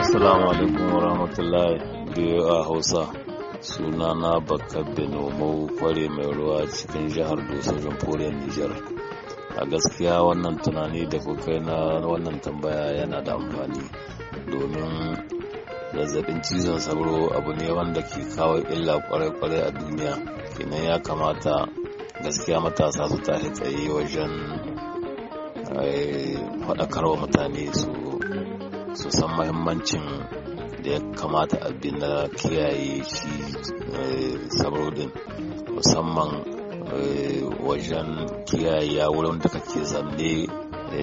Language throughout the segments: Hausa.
Assalamu alaikum biyu a Hausa. Sunana Bakar Benomo kware mai ruwa cikin jihar Dosa Jamhuriyar Nijar. A gaskiya wannan tunani da kuka na wannan tambaya yana da amfani domin zazzabin cizon sauro abu ne wanda ke kawo illa kwarai-kwarai a duniya. Kenan ya kamata gaskiya matasa su tashi tsaye wajen eh, faɗakarwa mutane su san mahimmancin da ya kamata abin na kiyaye shi eh, saboda musamman eh, wajen kiyaye wurin da kake zanne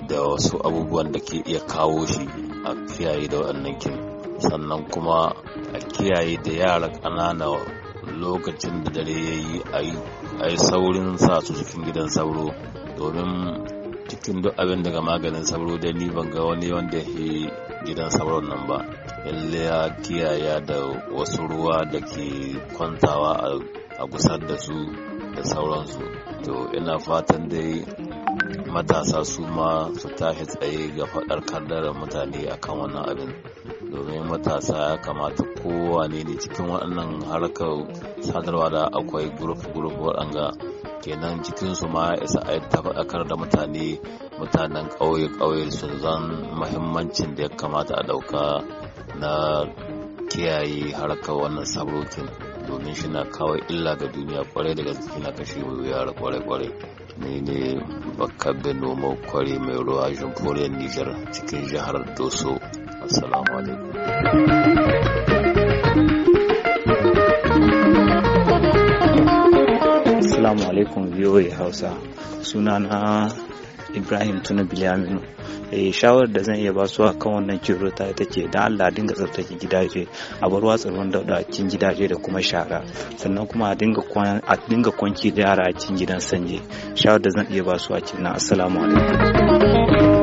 da wasu abubuwan da ke iya kawo shi a kiyaye da waɗannan kin sannan kuma a kiyaye da yara ƙanana lokacin da dare ya yi a yi saurin sa su cikin gidan sauro domin cikin duk abin daga maganin sauro dai ni ban ga wani wanda ya gidan sauron nan ba yalle ya kiyaya da wasu ruwa da ke kwantawa a gusar da su da sauransu to ina fatan dai matasa su ma su tashi tsaye ga faɗar kardarar mutane akan wannan abin domin matasa ya kamata kowane ne cikin waɗannan harkar sadarwa da akwai guruf-guruf waɗanga kenan cikin su ma isa a faɗakar da mutane mutanen ƙauye-ƙauye su zan mahimmancin da ya kamata a ɗauka na kiyaye harkar wannan sabrokin domin shi na kawo illa ga duniya kwarai da gaske na kashe yara kwarai-kwarai ni ne bakabbe noma kwari mai ruwa jamhuriyar nijar cikin jihar doso assalamu alaikum Assalamu alaikum VOA Hausa. Sunana Ibrahim Tuna Bilyaminu. Eh shawar da zan iya basu a kan wannan ta ita ce dan Allah dinga tsaftace gidaje a bar watsar wanda a cikin gidaje da kuma shara sannan kuma a dinga a dinga kwanci da yara a cikin gidan sanje shawar da zan iya basu a cikin assalamu alaikum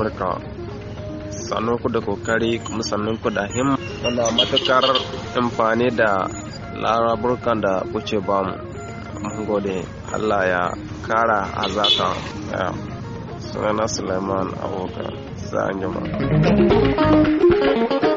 amurka sannan ku da kokari kuma sannan ku da him wanda matukar amfani da laraburkan da kuce ba mu mun gode allah ya kara hazaka sunana suleiman abokan sa'an jama'a